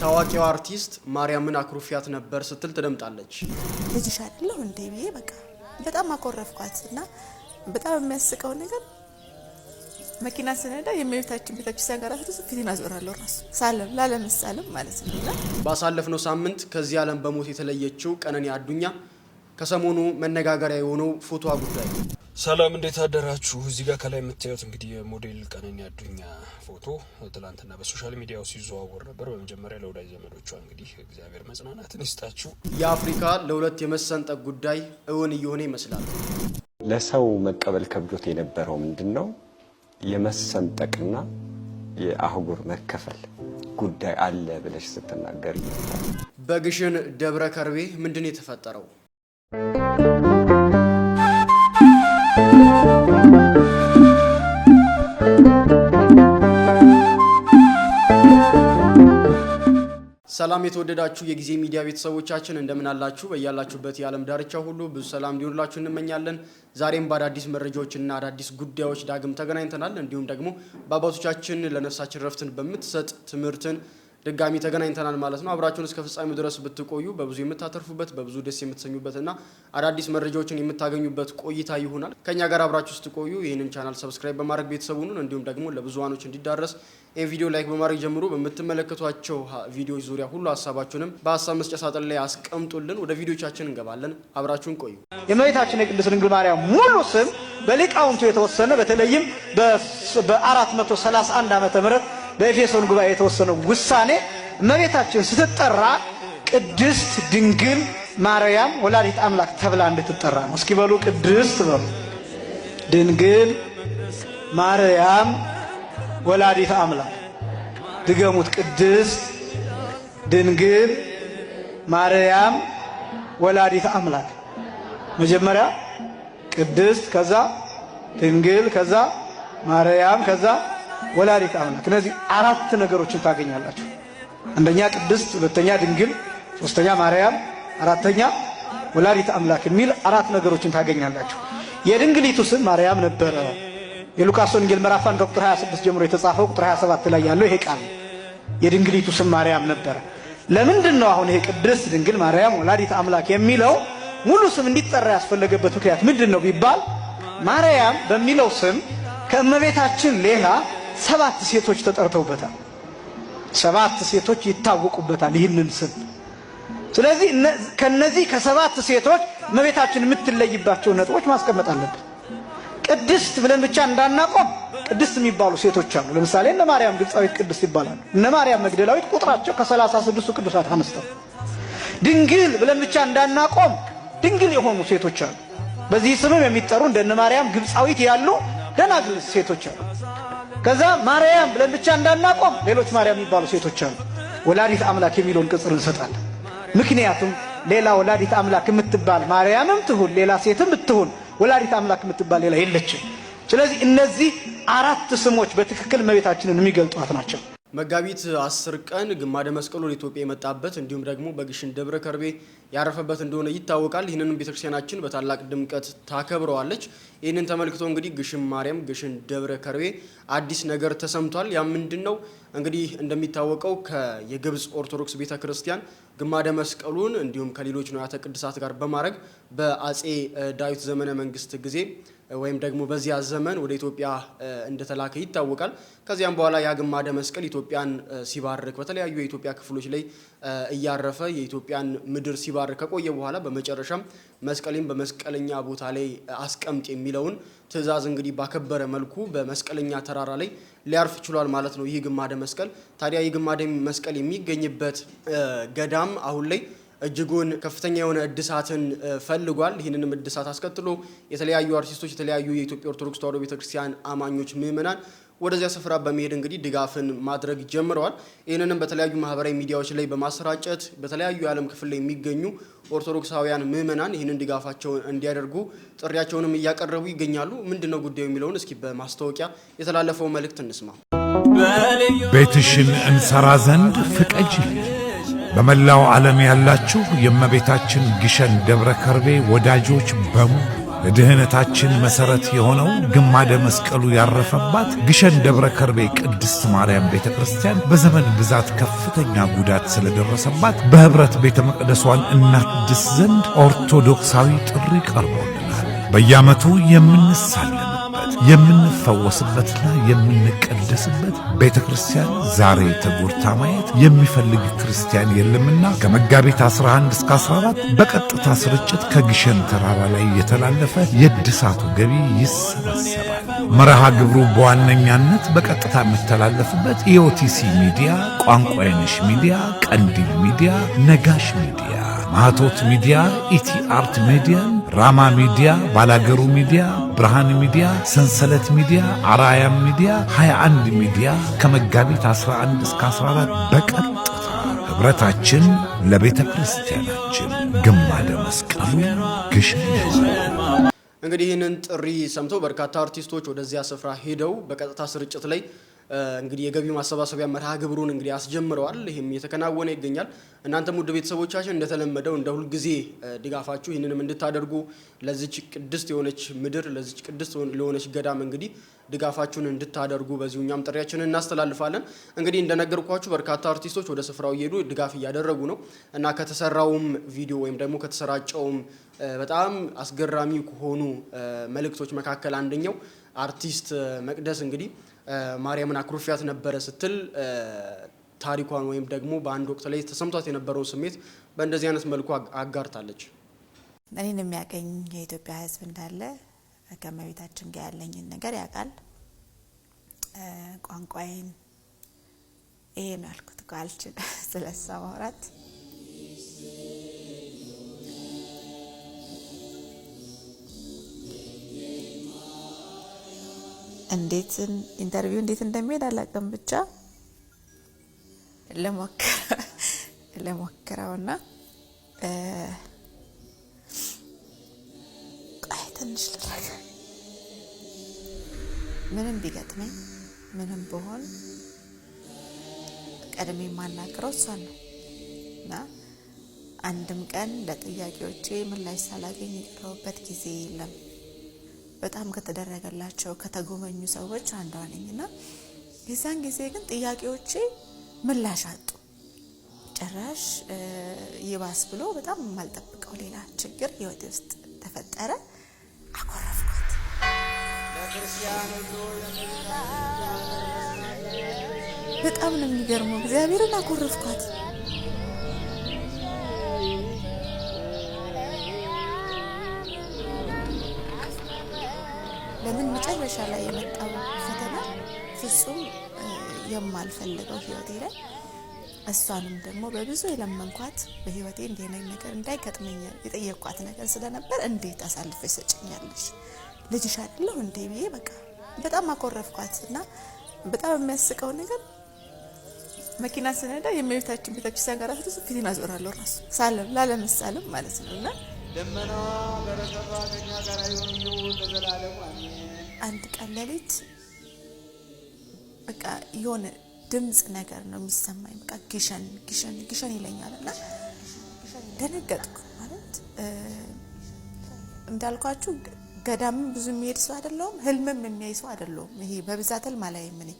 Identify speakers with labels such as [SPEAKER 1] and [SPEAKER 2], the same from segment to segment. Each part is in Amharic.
[SPEAKER 1] ታዋቂው አርቲስት ማርያምን አክሩፊያት ነበር ስትል ትደምጣለች።
[SPEAKER 2] ልጅሽ አይደለሁ እንዴ ብዬ በቃ በጣም አኮረፍኳት እና በጣም የሚያስቀው ነገር መኪና ስነዳ የእመቤታችን ቤተክርስቲያን ጋር ፊት ፊቴን አዞራለሁ ራሱ ሳለም ላለመሳለም ማለት ነው።
[SPEAKER 1] ባሳለፍነው ሳምንት ከዚህ ዓለም በሞት የተለየችው ቀነኒ አዱኛ ከሰሞኑ መነጋገሪያ የሆነው ፎቶዋ ጉዳይ ሰላም እንዴት አደራችሁ? እዚህ ጋር ከላይ የምታዩት እንግዲህ የሞዴል ቀነኒ አዱኛ ፎቶ ትላንትና በሶሻል ውስጥ ይዘዋወር ነበር። በመጀመሪያ ለወዳጅ ዘመዶቿ እንግዲህ እግዚአብሔር መጽናናትን ይስጣችሁ። የአፍሪካ ለሁለት የመሰንጠቅ ጉዳይ እውን እየሆነ ይመስላል።
[SPEAKER 3] ለሰው መቀበል ከብዶት የነበረው ምንድን ነው የመሰንጠቅና የአህጉር መከፈል ጉዳይ አለ ብለሽ ስትናገር
[SPEAKER 1] በግሽን ደብረ ከርቤ ምንድን የተፈጠረው ሰላም የተወደዳችሁ የጊዜ ሚዲያ ቤተሰቦቻችን እንደምን አላችሁ? በያላችሁበት የዓለም ዳርቻ ሁሉ ብዙ ሰላም እንዲሆንላችሁ እንመኛለን። ዛሬም በአዳዲስ መረጃዎችና አዳዲስ ጉዳዮች ዳግም ተገናኝተናል። እንዲሁም ደግሞ በአባቶቻችን ለነፍሳችን ረፍትን በምትሰጥ ትምህርትን ድጋሚ ተገናኝተናል ማለት ነው። አብራችሁን እስከ ፍጻሜው ድረስ ብትቆዩ በብዙ የምታተርፉበት በብዙ ደስ የምትሰኙበት እና አዳዲስ መረጃዎችን የምታገኙበት ቆይታ ይሆናል። ከኛ ጋር አብራችሁ ስትቆዩ ይህንን ቻናል ሰብስክራይብ በማድረግ ቤተሰቡንን እንዲሁም ደግሞ ለብዙሃኖች እንዲዳረስ ይህ ቪዲዮ ላይክ በማድረግ ጀምሮ በምትመለከቷቸው ቪዲዮዎች ዙሪያ ሁሉ ሀሳባችሁንም በሀሳብ መስጫ ሳጥን ላይ አስቀምጡልን። ወደ ቪዲዮቻችን እንገባለን። አብራችሁን ቆዩ።
[SPEAKER 4] የእመቤታችን የቅድስት ድንግል ማርያም ሙሉ ስም በሊቃውንቱ የተወሰነ በተለይም በ431 ዓመተ ምህረት በኤፌሶን ጉባኤ የተወሰነው ውሳኔ እመቤታችን ስትጠራ ቅድስት ድንግል ማርያም ወላዲት አምላክ ተብላ እንድትጠራ ነው። እስኪ በሉ ቅድስት በሉ ድንግል ማርያም ወላዲት አምላክ ድገሙት። ቅድስት ድንግል ማርያም ወላዲት አምላክ። መጀመሪያ ቅድስት፣ ከዛ ድንግል፣ ከዛ ማርያም፣ ከዛ ወላዲተ አምላክ። እነዚህ አራት ነገሮችን ታገኛላችሁ። አንደኛ ቅድስት፣ ሁለተኛ ድንግል፣ ሶስተኛ ማርያም፣ አራተኛ ወላዲተ አምላክ የሚል አራት ነገሮችን ታገኛላችሁ። የድንግሊቱ ስም ማርያም ነበረ። የሉቃስ ወንጌል ምዕራፍ 1 ቁጥር 26 ጀምሮ የተጻፈው ቁጥር 27 ላይ ያለው ይሄ ቃል የድንግሊቱ ስም ማርያም ነበረ። ለምንድን ነው አሁን ይሄ ቅድስት ድንግል ማርያም ወላዲተ አምላክ የሚለው ሙሉ ስም እንዲጠራ ያስፈለገበት ምክንያት ምንድን ነው ቢባል ማርያም በሚለው ስም ከእመቤታችን ሌላ ሰባት ሴቶች ተጠርተውበታል። ሰባት ሴቶች ይታወቁበታል ይህንን ስም። ስለዚህ ከነዚህ ከሰባት ሴቶች እመቤታችን የምትለይባቸው ነጥቦች ማስቀመጥ አለብን። ቅድስት ብለን ብቻ እንዳናቆም ቅድስት የሚባሉ ሴቶች አሉ። ለምሳሌ እነ ማርያም ግብፃዊት ቅድስት ይባላሉ። እነ ማርያም መግደላዊት ቁጥራቸው ከሰላሳ ስድስቱ ቅዱሳት አነስተው ድንግል ብለን ብቻ እንዳናቆም ድንግል የሆኑ ሴቶች አሉ። በዚህ ስምም የሚጠሩ እንደነ ማርያም ግብፃዊት ያሉ ደናግል ሴቶች አሉ። ከዛ ማርያም ብለን ብቻ እንዳናቆም ሌሎች ማርያም የሚባሉ ሴቶች አሉ። ወላዲት አምላክ የሚለውን ቅጽር እንሰጣለን። ምክንያቱም ሌላ ወላዲት አምላክ የምትባል ማርያምም ትሁን ሌላ ሴትም ብትሁን ወላዲት አምላክ የምትባል ሌላ የለችም። ስለዚህ እነዚህ አራት ስሞች በትክክል እመቤታችንን የሚገልጧት ናቸው።
[SPEAKER 1] መጋቢት አስር ቀን ግማደ መስቀሉ ወደ ኢትዮጵያ የመጣበት እንዲሁም ደግሞ በግሽን ደብረ ከርቤ ያረፈበት እንደሆነ ይታወቃል። ይህንንም ቤተክርስቲያናችን በታላቅ ድምቀት ታከብረዋለች። ይህንን ተመልክቶ እንግዲህ ግሽን ማርያም፣ ግሽን ደብረ ከርቤ አዲስ ነገር ተሰምቷል። ያ ምንድን ነው? እንግዲህ እንደሚታወቀው ከየግብፅ ኦርቶዶክስ ቤተ ክርስቲያን ግማደ መስቀሉን እንዲሁም ከሌሎች ንዋያተ ቅድሳት ጋር በማድረግ በአጼ ዳዊት ዘመነ መንግስት ጊዜ ወይም ደግሞ በዚያ ዘመን ወደ ኢትዮጵያ እንደተላከ ይታወቃል። ከዚያም በኋላ ያ ግማደ መስቀል ኢትዮጵያን ሲባርክ በተለያዩ የኢትዮጵያ ክፍሎች ላይ እያረፈ የኢትዮጵያን ምድር ሲባ ሲባርክ ከቆየ በኋላ በመጨረሻም መስቀሌን በመስቀለኛ ቦታ ላይ አስቀምጥ የሚለውን ትእዛዝ እንግዲህ ባከበረ መልኩ በመስቀለኛ ተራራ ላይ ሊያርፍ ችሏል ማለት ነው ይህ ግማደ መስቀል። ታዲያ ይህ ግማደ መስቀል የሚገኝበት ገዳም አሁን ላይ እጅጉን ከፍተኛ የሆነ እድሳትን ፈልጓል። ይህንንም እድሳት አስከትሎ የተለያዩ አርቲስቶች፣ የተለያዩ የኢትዮጵያ ኦርቶዶክስ ተዋሕዶ ቤተክርስቲያን አማኞች ምእመናን። ወደዚያ ስፍራ በመሄድ እንግዲህ ድጋፍን ማድረግ ጀምረዋል። ይህንንም በተለያዩ ማህበራዊ ሚዲያዎች ላይ በማሰራጨት በተለያዩ የዓለም ክፍል ላይ የሚገኙ ኦርቶዶክሳውያን ምዕመናን ይህንን ድጋፋቸውን እንዲያደርጉ ጥሪያቸውንም እያቀረቡ ይገኛሉ። ምንድን ነው ጉዳዩ የሚለውን እስኪ በማስታወቂያ የተላለፈው መልእክት እንስማ።
[SPEAKER 5] ቤትሽን እንሰራ ዘንድ ፍቀጅ። በመላው ዓለም ያላችሁ የእመቤታችን ግሸን ደብረ ከርቤ ወዳጆች በሙሉ ለድህነታችን መሠረት የሆነው ግማደ መስቀሉ ያረፈባት ግሸን ደብረ ከርቤ ቅድስት ማርያም ቤተ ክርስቲያን በዘመን ብዛት ከፍተኛ ጉዳት ስለደረሰባት በኅብረት ቤተ መቅደሷን እናድስ ዘንድ ኦርቶዶክሳዊ ጥሪ ቀርቦልናል። በየዓመቱ የምንሳለን የምንፈወስበትና የምንቀደስበት ቤተ ክርስቲያን ዛሬ ተጎድታ ማየት የሚፈልግ ክርስቲያን የለምና ከመጋቢት 11 እስከ 14 በቀጥታ ስርጭት ከግሸን ተራራ ላይ የተላለፈ የድሳቱ ገቢ ይሰበሰባል። መርሃ ግብሩ በዋነኛነት በቀጥታ የምተላለፍበት ኢኦቲሲ ሚዲያ፣ ቋንቋይነሽ ሚዲያ፣ ቀንዲል ሚዲያ፣ ነጋሽ ሚዲያ፣ ማቶት ሚዲያ፣ ኢቲ አርት ሚዲያ ራማ ሚዲያ፣ ባላገሩ ሚዲያ፣ ብርሃን ሚዲያ፣ ሰንሰለት ሚዲያ፣ አራያ ሚዲያ፣ 21 ሚዲያ ከመጋቢት 11 እስከ 14 በቀጥታ ኅብረታችን ለቤተ ክርስቲያናችን ግማደ መስቀሉ ግሽን
[SPEAKER 1] እንግዲህ ይህንን ጥሪ ሰምተው በርካታ አርቲስቶች ወደዚያ ስፍራ ሄደው በቀጥታ ስርጭት ላይ እንግዲህ የገቢ ማሰባሰቢያ መርሃ ግብሩን እንግዲህ አስጀምረዋል። ይህም እየተከናወነ ይገኛል። እናንተም ውድ ቤተሰቦቻችን እንደተለመደው እንደ ሁልጊዜ ድጋፋችሁ ይህንንም እንድታደርጉ ለዚች ቅድስት የሆነች ምድር ለዚች ቅድስት ለሆነች ገዳም እንግዲህ ድጋፋችሁን እንድታደርጉ በዚሁ እኛም ጥሪያችንን እናስተላልፋለን። እንግዲህ እንደነገርኳችሁ በርካታ አርቲስቶች ወደ ስፍራው እየሄዱ ድጋፍ እያደረጉ ነው እና ከተሰራውም ቪዲዮ ወይም ደግሞ ከተሰራጨውም በጣም አስገራሚ ከሆኑ መልእክቶች መካከል አንደኛው አርቲስት መቅደስ እንግዲህ ማርያምን አኩርፊያት ነበረ ስትል ታሪኳን ወይም ደግሞ በአንድ ወቅት ላይ ተሰምቷት የነበረውን ስሜት በእንደዚህ አይነት መልኩ አጋርታለች።
[SPEAKER 2] እኔን የሚያቀኝ የኢትዮጵያ ሕዝብ እንዳለ ከመቤታችን ጋር ያለኝን ነገር ያውቃል። ቋንቋዬን ይሄ ነው ያልኩት፣ አልችልም ስለሷ ማውራት እንዴት ኢንተርቪው እንዴት እንደሚሄድ አላውቅም፣ ብቻ ለሞክረውና አይ ትንሽ ልረጋ። ምንም ቢገጥመኝ ምንም ብሆን ቀድሜ የማናገረው እሷን ነው እና አንድም ቀን ለጥያቄዎቼ ምላሽ ሳላገኝ የቀረሁበት ጊዜ የለም። በጣም ከተደረገላቸው ከተጎበኙ ሰዎች አንዷ ነኝና የዛን ጊዜ ግን ጥያቄዎቼ ምላሽ አጡ። ጭራሽ ይባስ ብሎ በጣም የማልጠብቀው ሌላ ችግር ህይወቴ ውስጥ ተፈጠረ። አኮረፍኩት። በጣም ነው የሚገርመው። እግዚአብሔርን አኮረፍኳት። መጨረሻ ላይ የመጣው ፈተና ፍጹም የማልፈልገው ህይወቴ ላይ እሷንም ደግሞ በብዙ የለመንኳት በህይወቴ እንዲህ ዓይነት ነገር እንዳይገጥመኝ የጠየቅኳት ነገር ስለነበር እንዴት አሳልፈሽ ሰጭኛለሽ ልጅሽ አይደለሁ እንዴ ብዬ በቃ በጣም አኮረፍኳት እና በጣም የሚያስቀው ነገር መኪና ስነዳ የእመቤታችን ቤተክርስቲያን ጋር ራሱ ፊቴን አዞራለሁ ራሱ ሳለም ላለምሳለም ማለት ነው እና ደመናዋ በረከቷ ከኛ ጋር ይሁን ለዘላለሙ አሜን አንድ ቀን ሌሊት በቃ የሆነ ድምፅ ነገር ነው የሚሰማኝ። በቃ ግሸን ግሸን ግሸን ይለኛል እና ደነገጥኩ። ማለት እንዳልኳችሁ ገዳምም ብዙ የሚሄድ ሰው አይደለሁም፣ ህልምም የሚያይ ሰው አይደለሁም። ይሄ በብዛት ህልም አላይም እኔ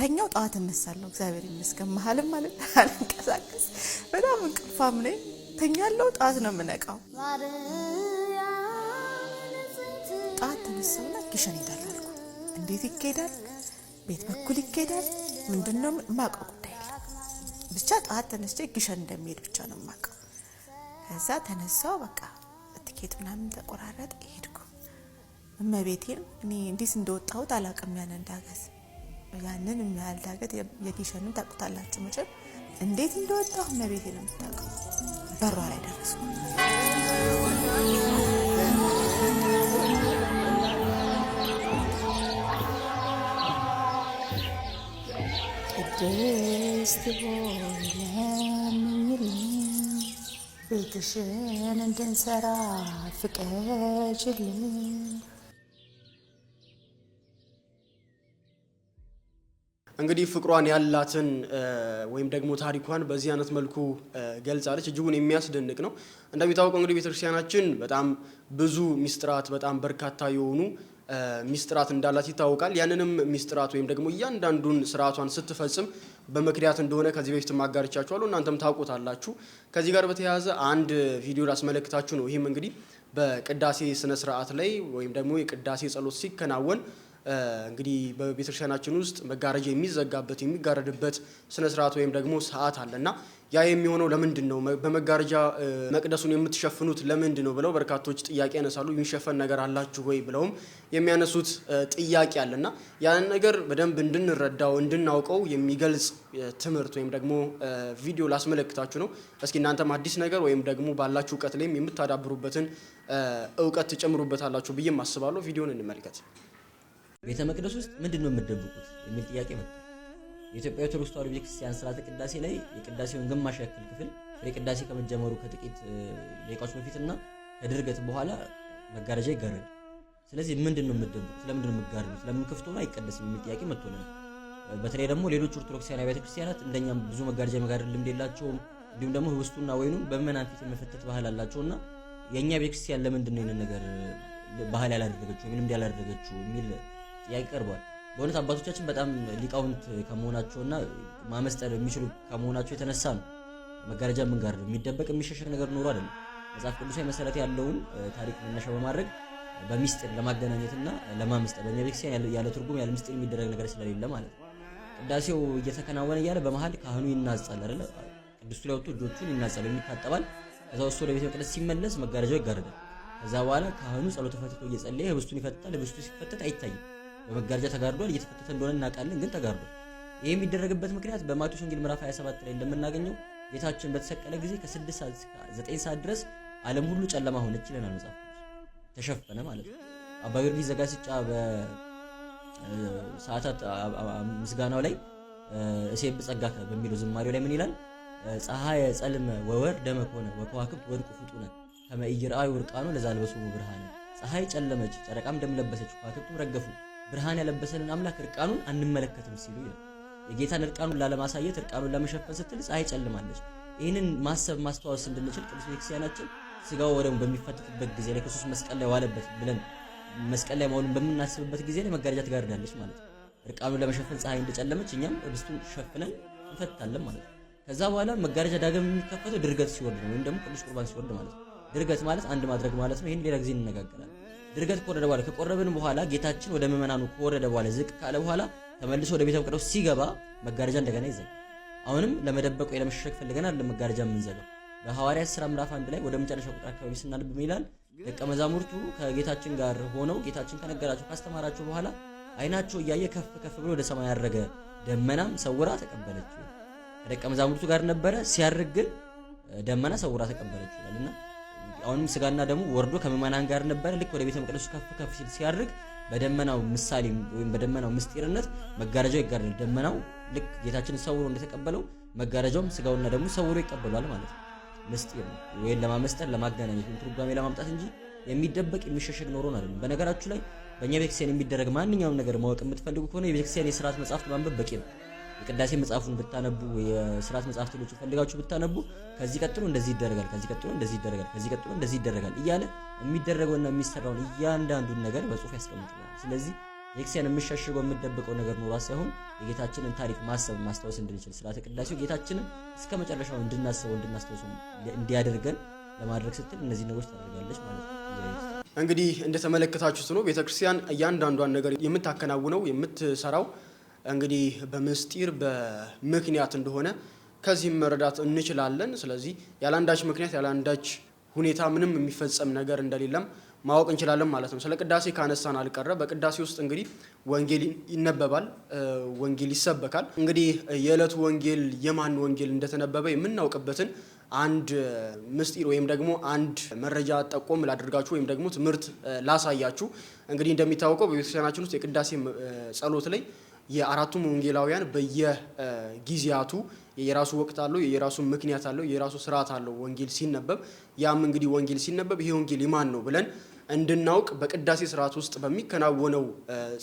[SPEAKER 2] ተኛው ጠዋት እነሳለሁ። እግዚአብሔር ይመስገን። መሀልም ማለት አልንቀሳቀስ በጣም እንቅልፋም ነኝ። ተኛለው ጠዋት ነው የምነቃው። ጠዋት ተነሳውና ጊሸን ሄዳል እንዴት ይካሄዳል? ቤት በኩል ይካሄዳል? ምንድን ነው ጉዳይ የለም። ብቻ ጠዋት ተነስቼ ጊሸን እንደሚሄድ ብቻ ነው ማቀው ከዛ ተነሳው በቃ ትኬት ምናምን ተቆራረጠ፣ ሄድኩ። እመቤቴን እኔ እንዴት እንደወጣሁት አላውቅም። ያንን እንዳገዝ ያንን የሚያህል ዳገት የጊሸንን ታውቁታላችሁ መቼም እንዴት እንደወጣሁ እመቤቴን የምታውቀው በሯ ላይ ደረስኩ። ደስት ለምኝል ቤትሽን እንድንሰራ ፍቀጅልን።
[SPEAKER 1] እንግዲህ ፍቅሯን ያላትን ወይም ደግሞ ታሪኳን በዚህ አይነት መልኩ ገልጻለች። እጅጉን የሚያስደንቅ ነው። እንደሚታወቀው እንግዲህ ቤተክርስቲያናችን በጣም ብዙ ሚስጥራት፣ በጣም በርካታ የሆኑ ሚስጥራት እንዳላት ይታወቃል። ያንንም ሚስጥራት ወይም ደግሞ እያንዳንዱን ስርዓቷን ስትፈጽም በምክንያት እንደሆነ ከዚህ በፊት ማጋርቻችኋለሁ፣ እናንተም ታውቁታላችሁ። ከዚህ ጋር በተያያዘ አንድ ቪዲዮ ላስመለክታችሁ ነው። ይህም እንግዲህ በቅዳሴ ስነ ስርዓት ላይ ወይም ደግሞ የቅዳሴ ጸሎት ሲከናወን እንግዲህ በቤተክርስቲያናችን ውስጥ መጋረጃ የሚዘጋበት የሚጋረድበት ስነ ስርዓት ወይም ደግሞ ሰዓት አለ እና ያ የሚሆነው ለምንድን ነው? በመጋረጃ መቅደሱን የምትሸፍኑት ለምንድን ነው ብለው በርካቶች ጥያቄ ያነሳሉ። የሚሸፈን ነገር አላችሁ ወይ ብለውም የሚያነሱት ጥያቄ አለ እና ያንን ነገር በደንብ እንድንረዳው እንድናውቀው የሚገልጽ ትምህርት ወይም ደግሞ ቪዲዮ ላስመለክታችሁ ነው። እስኪ እናንተም አዲስ ነገር ወይም ደግሞ ባላችሁ እውቀት ላይም የምታዳብሩበትን እውቀት ትጨምሩበታላችሁ ብዬም አስባለሁ። ቪዲዮን እንመልከት።
[SPEAKER 6] ቤተ መቅደስ ውስጥ ምንድን ነው የምደብቁት የሚል ጥያቄ መጣ። የኢትዮጵያ ኦርቶዶክስ ተዋሕዶ ቤተክርስቲያን ስርዓተ ቅዳሴ ላይ የቅዳሴውን ግማሽ ያክል ክፍል ቅዳሴ ከመጀመሩ ከጥቂት ደቂቃዎች በፊትና ከድርገት በኋላ መጋረጃ ይጋረዳል። ስለዚህ ምንድን ነው የምደብቁት? ስለምንድን ነው የምትጋርዱት? ለምን ክፍት ሆኖ አይቀደስም የሚል ጥያቄ መጥቶልናል። በተለይ ደግሞ ሌሎች ኦርቶዶክሳውያን ቤተ ክርስቲያናት እንደኛም ብዙ መጋረጃ መጋረድ ልምድ የላቸውም። እንዲሁም ደግሞ ህብስቱና ወይኑን በምዕመናን ፊት የመፈተት ባህል አላቸውና የእኛ ቤተክርስቲያን ለምንድን ነው ይህንን ነገር ባህል ያላደረገችው ወይም ልምድ ያላደረገችው የሚል ጥያቄ ቀርቧል። በእውነት አባቶቻችን በጣም ሊቃውንት ከመሆናቸውና ማመስጠር የሚችሉ ከመሆናቸው የተነሳ ነው። መጋረጃ ምን ጋር የሚደበቅ የሚሸሸግ ነገር ኖሮ አይደለም። መጽሐፍ ቅዱሳዊ መሰረት ያለውን ታሪክ መነሻ በማድረግ በሚስጥር ለማገናኘትና ለማመስጠር ቤተክርስቲያን ያለ ትርጉም ያለ ምስጢር የሚደረግ ነገር ስለሌለ ማለት ነው። ቅዳሴው እየተከናወነ እያለ በመሀል ካህኑ ይናጻል አይደለ? ቅዱስ ላይ ወጥቶ እጆቹን ይናጻል ይታጠባል። ከዛ ወስዶ ለቤተ መቅደስ ሲመለስ መጋረጃው ይጋረዳል። ከዛ በኋላ ካህኑ ጸሎተ ፈትቶ እየጸለየ ህብስቱን ይፈታል። ህብስቱ ሲፈተት አይታይም። በመጋረጃ ተጋርዷል፣ እየተፈተተ እንደሆነ እናውቃለን፣ ግን ተጋርዷል። ይህ የሚደረግበት ምክንያት በማቴዎስ ወንጌል ምዕራፍ 27 ላይ እንደምናገኘው ጌታችን በተሰቀለ ጊዜ ከ6 ሰዓት እስከ 9 ሰዓት ድረስ ዓለም ሁሉ ጨለማ ሆነች ይለናል መጽሐፍ ተሸፈነ ማለት ነው። አባ ጊዮርጊስ ዘጋስጫ በሰዓታት ምስጋናው ላይ እሴ ጸጋከ በሚለው ዝማሬው ላይ ምን ይላል? ፀሐይ ጸልመ ወወር ደመ ኮነ ወከዋክብት ወድቁ ፍጡነ ከመ ኢይርአዩ ዕርቃኑ ለዛልበሱ ብርሃነ። ፀሐይ ጨለመች፣ ጨረቃም ደም ለበሰች፣ ከዋክብትም ረገፉ ብርሃን ያለበሰንን አምላክ እርቃኑን አንመለከትም ሲሉ ይላል። የጌታን እርቃኑን ላለማሳየት እርቃኑን ለመሸፈን ስትል ፀሐይ ጨልማለች። ይህንን ማሰብ ማስተዋወስ እንድንችል ቅዱስ ቤተክርስቲያናችን ስጋው ወደሙ በሚፈተትበት ጊዜ ላይ ክርስቶስ መስቀል ላይ ዋለበት ብለን መስቀል ላይ መሆኑን በምናስብበት ጊዜ ላይ መጋረጃ ትጋርዳለች ማለት ነው። እርቃኑን ለመሸፈን ፀሐይ እንደጨለመች እኛም ኅብስቱን ሸፍነን እንፈታለን ማለት ነው። ከዛ በኋላ መጋረጃ ዳግም የሚከፈተው ድርገት ሲወርድ ነው፣ ወይም ደግሞ ቅዱስ ቁርባን ሲወርድ ማለት ነው። ድርገት ማለት አንድ ማድረግ ማለት ነው። ይህን ሌላ ጊዜ እንነጋገራለን። ድርገት ከወረደ በኋላ ከቆረብን በኋላ ጌታችን ወደ ምእመናኑ ከወረደ በኋላ ዝቅ ካለ በኋላ ተመልሶ ወደ ቤተ መቅደስ ሲገባ መጋረጃ እንደገና ይዘጋል። አሁንም ለመደበቅ ወይ ለመሸሸግ ፈልገናል ለመጋረጃ የምንዘጋው በሐዋርያት ሥራ ምዕራፍ አንድ ላይ ወደ መጨረሻ ቁጥር አካባቢ ስናነብ ይላል ደቀ መዛሙርቱ ከጌታችን ጋር ሆነው ጌታችን ከነገራቸው ካስተማራቸው በኋላ አይናቸው እያየ ከፍ ከፍ ብሎ ወደ ሰማይ ያረገ፣ ደመናም ሰውራ ተቀበለችው። ከደቀ መዛሙርቱ ጋር ነበረ ሲያርግ ግን ደመና ሰውራ ተቀበለችው ይላልና አሁንም ስጋና ደሙ ወርዶ ከምዕመናን ጋር ነበረ። ልክ ወደ ቤተ መቅደሱ ከፍ ከፍ ሲል ሲያድርግ በደመናው ምሳሌ ወይም በደመናው ምስጢርነት መጋረጃው ይጋረዳል። ደመናው ልክ ጌታችን ሰውሮ እንደተቀበለው መጋረጃውም ስጋውና ደሙ ሰውሮ ይቀበሏል ማለት ነው። ምስጢር ነው ወይም ለማመስጠር ለማገናኘት ትርጓሜ ለማምጣት እንጂ የሚደበቅ የሚሸሸግ ኖሮን አይደለም። በነገራችሁ ላይ በእኛ ቤተክርስቲያን የሚደረግ ማንኛውም ነገር ማወቅ የምትፈልጉ ከሆነ የቤተክርስቲያን የስርዓት መጽሐፍት ማንበብ በቂ ነው። የቅዳሴ መጽሐፉን ብታነቡ የስርዓት መጽሐፍ ትሎች ፈልጋችሁ ብታነቡ ከዚህ ቀጥሎ እንደዚህ ይደረጋል፣ ከዚህ ቀጥሎ እንደዚህ ይደረጋል፣ ከዚህ ቀጥሎ እንደዚህ ይደረጋል እያለ የሚደረገውና የሚሰራውን እያንዳንዱን ነገር በጽሁፍ ያስቀምጥልናል። ስለዚህ ኤክስያን የምሸሽገው የምደብቀው ነገር ኖሯ ሳይሆን የጌታችንን ታሪክ ማሰብ ማስታወስ እንድንችል ስርዓተ ቅዳሴው ጌታችንን እስከ መጨረሻው እንድናስበው እንድናስታውሰው እንዲያደርገን ለማድረግ ስትል እነዚህ ነገሮች ታደርጋለች ማለት ነው።
[SPEAKER 1] እንግዲህ እንደተመለከታችሁት ነው ቤተክርስቲያን እያንዳንዷን ነገር የምታከናውነው የምትሰራው እንግዲህ በምስጢር በምክንያት እንደሆነ ከዚህም መረዳት እንችላለን። ስለዚህ ያለአንዳች ምክንያት ያለአንዳች ሁኔታ ምንም የሚፈጸም ነገር እንደሌለም ማወቅ እንችላለን ማለት ነው። ስለ ቅዳሴ ካነሳን አልቀረ በቅዳሴ ውስጥ እንግዲህ ወንጌል ይነበባል፣ ወንጌል ይሰበካል። እንግዲህ የዕለቱ ወንጌል የማን ወንጌል እንደተነበበ የምናውቅበትን አንድ ምስጢር ወይም ደግሞ አንድ መረጃ ጠቆም ላደርጋችሁ ወይም ደግሞ ትምህርት ላሳያችሁ። እንግዲህ እንደሚታወቀው በቤተክርስቲያናችን ውስጥ የቅዳሴ ጸሎት ላይ የአራቱም ወንጌላውያን በየጊዜያቱ የራሱ ወቅት አለው፣ የራሱ ምክንያት አለው፣ የራሱ ስርዓት አለው ወንጌል ሲነበብ። ያም እንግዲህ ወንጌል ሲነበብ ይሄ ወንጌል የማን ነው ብለን እንድናውቅ በቅዳሴ ስርዓት ውስጥ በሚከናወነው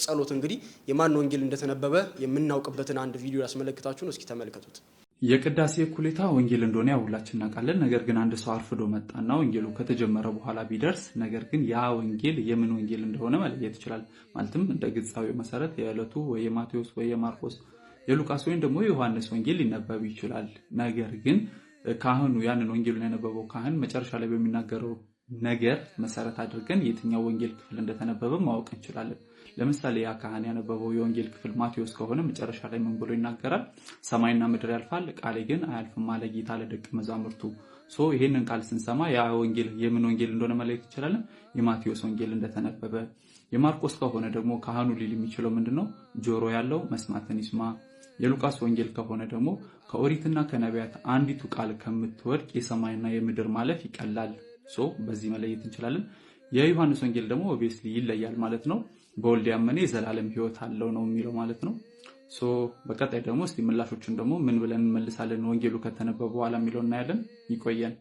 [SPEAKER 1] ጸሎት እንግዲህ የማን ወንጌል እንደተነበበ የምናውቅበትን አንድ ቪዲዮ ያስመለክታችሁን። እስኪ ተመልከቱት።
[SPEAKER 7] የቅዳሴ እኩሌታ ወንጌል እንደሆነ ያው ሁላችን እናውቃለን። ነገር ግን አንድ ሰው አርፍዶ መጣና ወንጌሉ ከተጀመረ በኋላ ቢደርስ፣ ነገር ግን ያ ወንጌል የምን ወንጌል እንደሆነ መለየት ይችላል። ማለትም እንደ ግጻዊ መሰረት የዕለቱ ወይ የማቴዎስ ወይ የማርቆስ የሉቃስ ወይም ደግሞ የዮሐንስ ወንጌል ሊነበብ ይችላል። ነገር ግን ካህኑ ያንን ወንጌሉን ያነበበው ካህን መጨረሻ ላይ በሚናገረው ነገር መሰረት አድርገን የትኛው ወንጌል ክፍል እንደተነበበ ማወቅ እንችላለን። ለምሳሌ ያ ካህን ያነበበው የወንጌል ክፍል ማቴዎስ ከሆነ መጨረሻ ላይ ምን ብሎ ይናገራል? ሰማይና ምድር ያልፋል፣ ቃሌ ግን አያልፍም አለ ጌታ ለደቀ መዛሙርቱ። ይህንን ቃል ስንሰማ ያ ወንጌል የምን ወንጌል እንደሆነ መለየት ይችላለን። የማቴዎስ ወንጌል እንደተነበበ። የማርቆስ ከሆነ ደግሞ ካህኑ ሊል የሚችለው ምንድነው? ጆሮ ያለው መስማትን ይስማ። የሉቃስ ወንጌል ከሆነ ደግሞ ከኦሪትና ከነቢያት አንዲቱ ቃል ከምትወድቅ የሰማይና የምድር ማለፍ ይቀላል። በዚህ መለየት እንችላለን። የዮሐንስ ወንጌል ደግሞ ኦብቪየስሊ ይለያል ማለት ነው። በወልድ ያመነ የዘላለም ህይወት አለው ነው የሚለው ማለት ነው። በቀጣይ ደግሞ እስኪ ምላሾችን ደግሞ ምን ብለን እንመልሳለን ወንጌሉ ከተነበበ በኋላ የሚለው እናያለን። ይቆየን።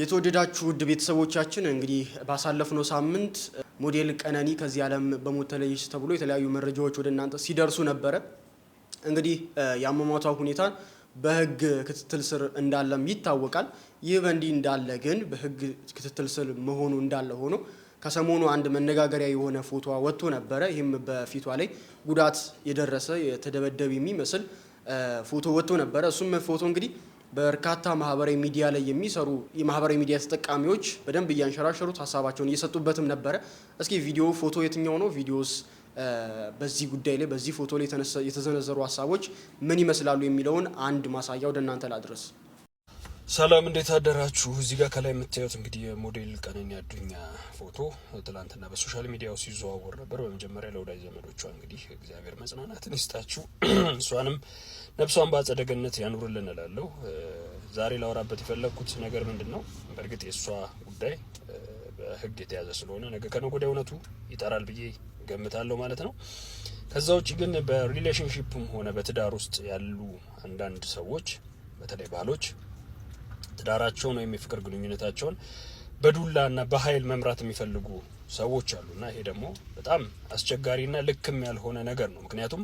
[SPEAKER 1] የተወደዳችሁ ውድ ቤተሰቦቻችን እንግዲህ ባሳለፍነው ሳምንት ሞዴል ቀነኒ ከዚህ ዓለም በሞት ተብሎ የተለያዩ መረጃዎች ወደ እናንተ ሲደርሱ ነበረ። እንግዲህ የአሟሟቷ ሁኔታ በህግ ክትትል ስር እንዳለም ይታወቃል። ይህ በእንዲህ እንዳለ ግን በህግ ክትትል ስር መሆኑ እንዳለ ሆኖ ከሰሞኑ አንድ መነጋገሪያ የሆነ ፎቶ ወጥቶ ነበረ። ይህም በፊቷ ላይ ጉዳት የደረሰ የተደበደበ የሚመስል ፎቶ ወጥቶ ነበረ። እሱም ፎቶ እንግዲህ በርካታ ማህበራዊ ሚዲያ ላይ የሚሰሩ የማህበራዊ ሚዲያ ተጠቃሚዎች በደንብ እያንሸራሸሩት ሀሳባቸውን እየሰጡበትም ነበረ። እስኪ ቪዲዮ ፎቶ የትኛው ነው? ቪዲዮስ በዚህ ጉዳይ ላይ በዚህ ፎቶ ላይ የተዘነዘሩ ሀሳቦች ምን ይመስላሉ የሚለውን አንድ ማሳያ ወደ እናንተ ላድረስ። ሰላም እንዴት አደራችሁ? እዚህ ጋር ከላይ የምታዩት እንግዲህ የሞዴል ቀነኒ አዱኛ ፎቶ ትላንትና በሶሻል ሚዲያው ሲዘዋወር ነበር። በመጀመሪያ ለወዳጅ ዘመዶቿ እንግዲህ እግዚአብሔር መጽናናትን ይስጣችሁ፣ እሷንም ነፍሷን በአጸደ ገነት ያኑርልን እላለሁ። ዛሬ ላወራበት የፈለግኩት ነገር ምንድን ነው? በእርግጥ የእሷ ጉዳይ በህግ የተያዘ ስለሆነ ነገ ከነገ ወዲያ እውነቱ ይጠራል ብዬ ገምታለሁ ማለት ነው። ከዛ ውጭ ግን በሪሌሽንሽፕም ሆነ በትዳር ውስጥ ያሉ አንዳንድ ሰዎች በተለይ ባሎች ትዳራቸውን ወይም የፍቅር ግንኙነታቸውን በዱላና በኃይል መምራት የሚፈልጉ ሰዎች አሉና ይሄ ደግሞ በጣም አስቸጋሪና ልክም ያልሆነ ነገር ነው። ምክንያቱም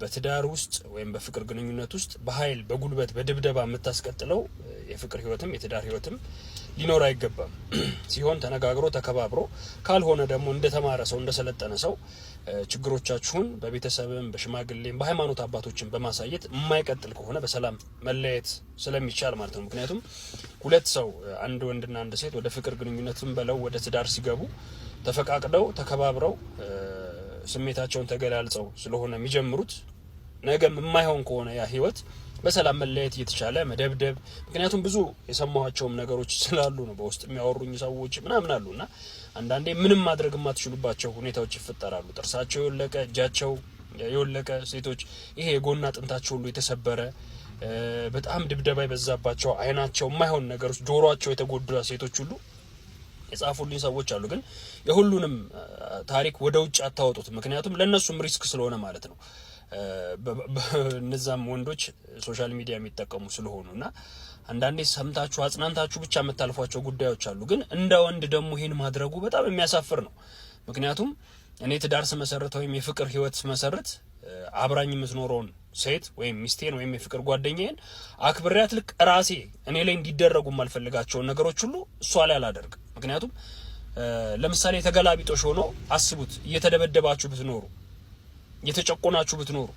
[SPEAKER 1] በትዳር ውስጥ ወይም በፍቅር ግንኙነት ውስጥ በኃይል በጉልበት፣ በድብደባ የምታስቀጥለው የፍቅር ህይወትም የትዳር ህይወትም ሊኖር አይገባም። ሲሆን ተነጋግሮ ተከባብሮ፣ ካልሆነ ደግሞ እንደተማረ ሰው እንደሰለጠነ ሰው ችግሮቻችሁን በቤተሰብም በሽማግሌም በሃይማኖት አባቶችን በማሳየት የማይቀጥል ከሆነ በሰላም መለየት ስለሚቻል ማለት ነው። ምክንያቱም ሁለት ሰው አንድ ወንድና አንድ ሴት ወደ ፍቅር ግንኙነትም በለው ወደ ትዳር ሲገቡ ተፈቃቅደው ተከባብረው ስሜታቸውን ተገላልጸው ስለሆነ የሚጀምሩት ነገም የማይሆን ከሆነ ያ ህይወት በሰላም መለየት እየተቻለ መደብደብ። ምክንያቱም ብዙ የሰማኋቸውም ነገሮች ስላሉ ነው፣ በውስጥ የሚያወሩኝ ሰዎች ምናምን አሉ እና አንዳንዴ ምንም ማድረግ የማትችሉባቸው ሁኔታዎች ይፈጠራሉ። ጥርሳቸው የወለቀ እጃቸው የወለቀ ሴቶች፣ ይሄ የጎን አጥንታቸው ሁሉ የተሰበረ በጣም ድብደባ የበዛባቸው አይናቸው የማይሆን ነገሮች፣ ጆሮቸው የተጎዳ ሴቶች ሁሉ የጻፉልኝ ሰዎች አሉ። ግን የሁሉንም ታሪክ ወደ ውጭ አታወጡት፣ ምክንያቱም ለእነሱም ሪስክ ስለሆነ ማለት ነው። እነዛም ወንዶች ሶሻል ሚዲያ የሚጠቀሙ ስለሆኑ እና አንዳንዴ ሰምታችሁ አጽናንታችሁ ብቻ የምታልፏቸው ጉዳዮች አሉ። ግን እንደ ወንድ ደግሞ ይህን ማድረጉ በጣም የሚያሳፍር ነው። ምክንያቱም እኔ ትዳር ስመሰርት ወይም የፍቅር ህይወት ስመሰርት አብራኝ የምትኖረውን ሴት ወይም ሚስቴን ወይም የፍቅር ጓደኛዬን አክብሬያት ልክ ራሴ እኔ ላይ እንዲደረጉ የማልፈልጋቸውን ነገሮች ሁሉ እሷ ላይ አላደርግ። ምክንያቱም ለምሳሌ ተገላቢጦሽ ሆኖ አስቡት፣ እየተደበደባችሁ ብትኖሩ የተጨቆናችሁ ብትኖሩ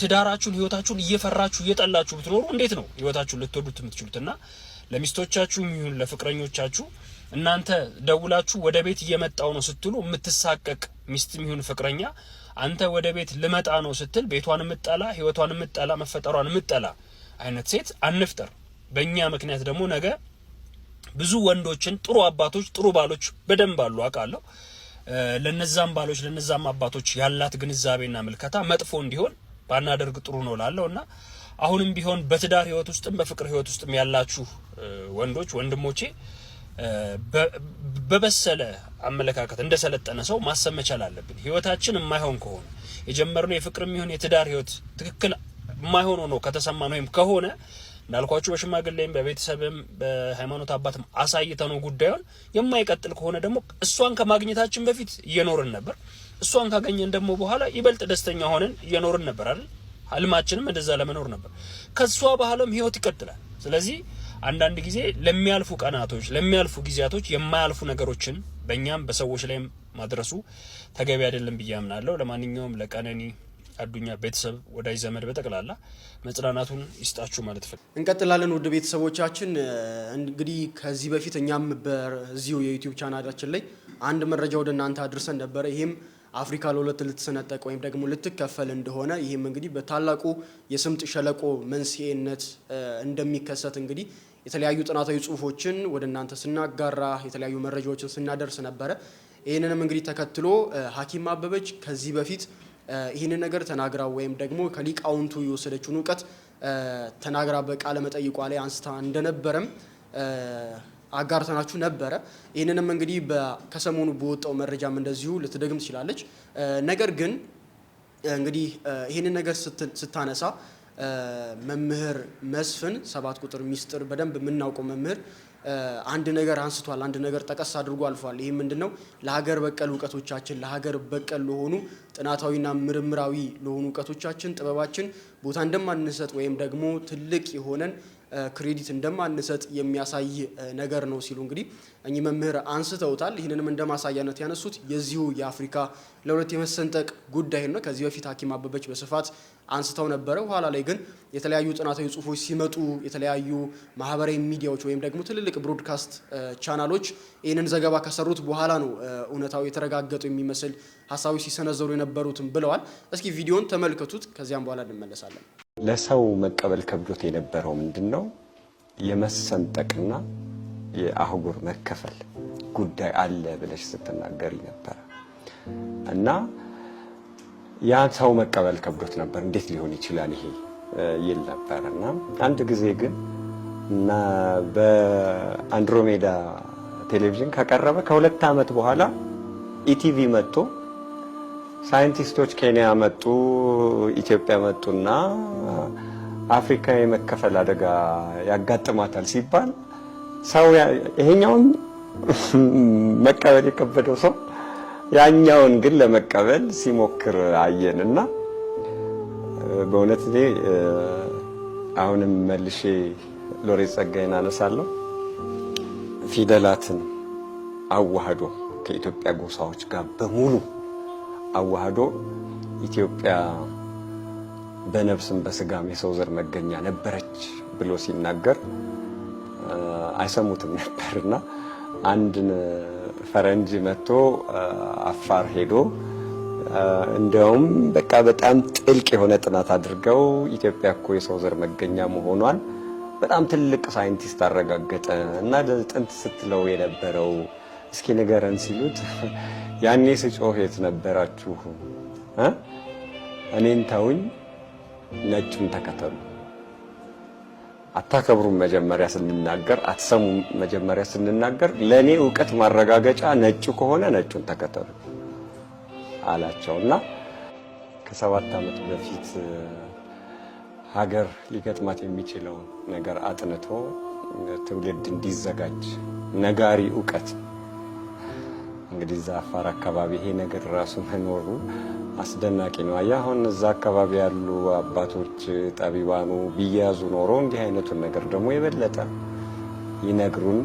[SPEAKER 1] ትዳራችሁን ህይወታችሁን እየፈራችሁ እየጠላችሁ ብትኖሩ እንዴት ነው ህይወታችሁን ልትወዱት የምትችሉትና ለሚስቶቻችሁ ይሁን ለፍቅረኞቻችሁ እናንተ ደውላችሁ ወደ ቤት እየመጣው ነው ስትሉ የምትሳቀቅ ሚስትም ይሁን ፍቅረኛ አንተ ወደ ቤት ልመጣ ነው ስትል ቤቷን የምጠላ ህይወቷን የምጠላ መፈጠሯን የምጠላ አይነት ሴት አንፍጠር። በእኛ ምክንያት ደግሞ ነገ ብዙ ወንዶችን ጥሩ አባቶች ጥሩ ባሎች በደንብ አሉ አውቃለሁ። ለነዛም ባሎች ለነዛም አባቶች ያላት ግንዛቤና ምልከታ መጥፎ እንዲሆን ባናደርግ ጥሩ ነው ላለው እና አሁንም ቢሆን በትዳር ህይወት ውስጥም በፍቅር ህይወት ውስጥም ያላችሁ ወንዶች ወንድሞቼ በበሰለ አመለካከት እንደሰለጠነ ሰው ማሰብ መቻል አለብን። ህይወታችን የማይሆን ከሆነ የጀመርነው የፍቅር የሚሆን የትዳር ህይወት ትክክል የማይሆን ሆኖ ከተሰማን ወይም ከሆነ እንዳልኳችሁ በሽማግሌም በቤተሰብም በሃይማኖት አባትም አሳይተን ነው ጉዳዩን። የማይቀጥል ከሆነ ደግሞ እሷን ከማግኘታችን በፊት እየኖርን ነበር፣ እሷን ካገኘን ደግሞ በኋላ ይበልጥ ደስተኛ ሆነን እየኖርን ነበር አይደል? ህልማችንም እንደዛ ለመኖር ነበር። ከሷ ባህለም ህይወት ይቀጥላል። ስለዚህ አንዳንድ ጊዜ ለሚያልፉ ቀናቶች ለሚያልፉ ጊዜያቶች የማያልፉ ነገሮችን በእኛም በሰዎች ላይም ማድረሱ ተገቢ አይደለም ብዬ አምናለሁ። ለማንኛውም ለቀነኒ አዱኛ ቤተሰብ ወዳጅ ዘመድ በጠቅላላ መጽናናቱን ይስጣችሁ ማለት ፈል እንቀጥላለን። ውድ ቤተሰቦቻችን እንግዲህ ከዚህ በፊት እኛም በዚሁ የዩቲዩብ ቻናላችን ላይ አንድ መረጃ ወደ እናንተ አድርሰን ነበረ። ይህም አፍሪካ ለሁለት ልትሰነጠቅ ወይም ደግሞ ልትከፈል እንደሆነ ይህም እንግዲህ በታላቁ የስምጥ ሸለቆ መንስኤነት እንደሚከሰት እንግዲህ የተለያዩ ጥናታዊ ጽሁፎችን ወደ እናንተ ስናጋራ የተለያዩ መረጃዎችን ስናደርስ ነበረ። ይህንንም እንግዲህ ተከትሎ ሐኪም አበበች ከዚህ በፊት ይህንን ነገር ተናግራ ወይም ደግሞ ከሊቃውንቱ የወሰደችውን እውቀት ተናግራ በቃለ መጠይቋ ላይ አንስታ እንደነበረም አጋርተናችሁ ነበረ። ይህንንም እንግዲህ ከሰሞኑ በወጣው መረጃም እንደዚሁ ልትደግም ትችላለች። ነገር ግን እንግዲህ ይህንን ነገር ስታነሳ መምህር መስፍን ሰባት ቁጥር ሚስጥር በደንብ የምናውቀው መምህር አንድ ነገር አንስቷል፣ አንድ ነገር ጠቀስ አድርጎ አልፏል። ይህ ምንድን ነው? ለሀገር በቀል እውቀቶቻችን ለሀገር በቀል ለሆኑ ጥናታዊና ምርምራዊ ለሆኑ እውቀቶቻችን ጥበባችን ቦታ እንደማንሰጥ ወይም ደግሞ ትልቅ የሆነን ክሬዲት እንደማንሰጥ የሚያሳይ ነገር ነው ሲሉ እንግዲህ እኚህ መምህር አንስተውታል። ይህንንም እንደ ማሳያነት ያነሱት የዚሁ የአፍሪካ ለሁለት የመሰንጠቅ ጉዳይ ነው። ከዚህ በፊት ሐኪም አበበች በስፋት አንስተው ነበረ። ኋላ ላይ ግን የተለያዩ ጥናታዊ ጽሁፎች ሲመጡ የተለያዩ ማህበራዊ ሚዲያዎች ወይም ደግሞ ትልልቅ ብሮድካስት ቻናሎች ይህንን ዘገባ ከሰሩት በኋላ ነው እውነታው የተረጋገጡ የሚመስል ሀሳቦች ሲሰነዘሩ የነበሩትም ብለዋል። እስኪ ቪዲዮን ተመልከቱት፣ ከዚያም በኋላ እንመለሳለን።
[SPEAKER 3] ለሰው መቀበል ከብዶት የነበረው ምንድን ነው የመሰንጠቅና የአህጉር መከፈል ጉዳይ አለ ብለሽ ስትናገሪ ነበረ እና ያ ሰው መቀበል ከብዶት ነበር። እንዴት ሊሆን ይችላል ይሄ ይል ነበር እና አንድ ጊዜ ግን እና በአንድሮሜዳ ቴሌቪዥን ከቀረበ ከሁለት ዓመት በኋላ ኢቲቪ መጥቶ ሳይንቲስቶች ኬንያ መጡ፣ ኢትዮጵያ መጡና አፍሪካ የመከፈል አደጋ ያጋጥማታል ሲባል ሰው ይሄኛውን መቀበል የከበደው ሰው ያኛውን ግን ለመቀበል ሲሞክር አየን እና በእውነት እኔ አሁንም መልሼ ሎሬት ጸጋዬን አነሳለሁ። ፊደላትን አዋህዶ ከኢትዮጵያ ጎሳዎች ጋር በሙሉ አዋህዶ ኢትዮጵያ በነፍስም በስጋም የሰው ዘር መገኛ ነበረች ብሎ ሲናገር አይሰሙትም ነበርና አንድን ፈረንጅ መጥቶ አፋር ሄዶ እንዲያውም በቃ በጣም ጥልቅ የሆነ ጥናት አድርገው ኢትዮጵያ እኮ የሰው ዘር መገኛ መሆኗን በጣም ትልቅ ሳይንቲስት አረጋገጠ እና ጥንት ስትለው የነበረው እስኪ ንገረን ሲሉት ያኔ ስጮህ የት ነበራችሁ? እኔን ተውኝ፣ ነጩን ተከተሉ። አታከብሩም መጀመሪያ ስንናገር አትሰሙም መጀመሪያ ስንናገር ለእኔ እውቀት ማረጋገጫ ነጩ ከሆነ ነጩን ተከተሉ አላቸውና ከሰባት ዓመት በፊት ሀገር ሊገጥማት የሚችለውን ነገር አጥንቶ ትውልድ እንዲዘጋጅ ነጋሪ እውቀት እንግዲህ እዛ አፋር አካባቢ ይሄ ነገር ራሱ መኖሩ አስደናቂ ነው። አያ አሁን እዛ አካባቢ ያሉ አባቶች ጠቢባኑ ቢያዙ ኖሮ እንዲህ አይነቱን ነገር ደግሞ የበለጠ ይነግሩን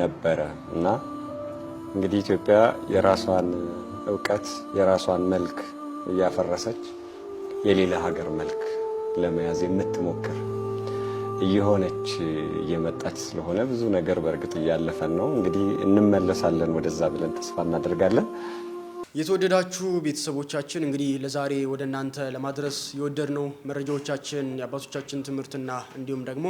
[SPEAKER 3] ነበረ እና እንግዲህ ኢትዮጵያ የራሷን እውቀት የራሷን መልክ እያፈረሰች የሌላ ሀገር መልክ ለመያዝ የምትሞክር እየሆነች እየመጣች ስለሆነ ብዙ ነገር በእርግጥ እያለፈን ነው። እንግዲህ እንመለሳለን ወደዛ ብለን ተስፋ እናደርጋለን።
[SPEAKER 1] የተወደዳችሁ ቤተሰቦቻችን እንግዲህ ለዛሬ ወደ እናንተ ለማድረስ የወደድነው መረጃዎቻችን የአባቶቻችን ትምህርትና እንዲሁም ደግሞ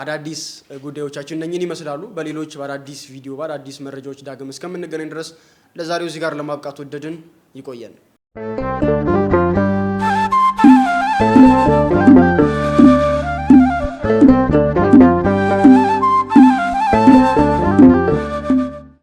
[SPEAKER 1] አዳዲስ ጉዳዮቻችን እነኝን ይመስላሉ። በሌሎች በአዳዲስ ቪዲዮ በአዳዲስ መረጃዎች ዳግም እስከምንገናኝ ድረስ ለዛሬው እዚህ ጋር ለማብቃት ወደድን። ይቆየን።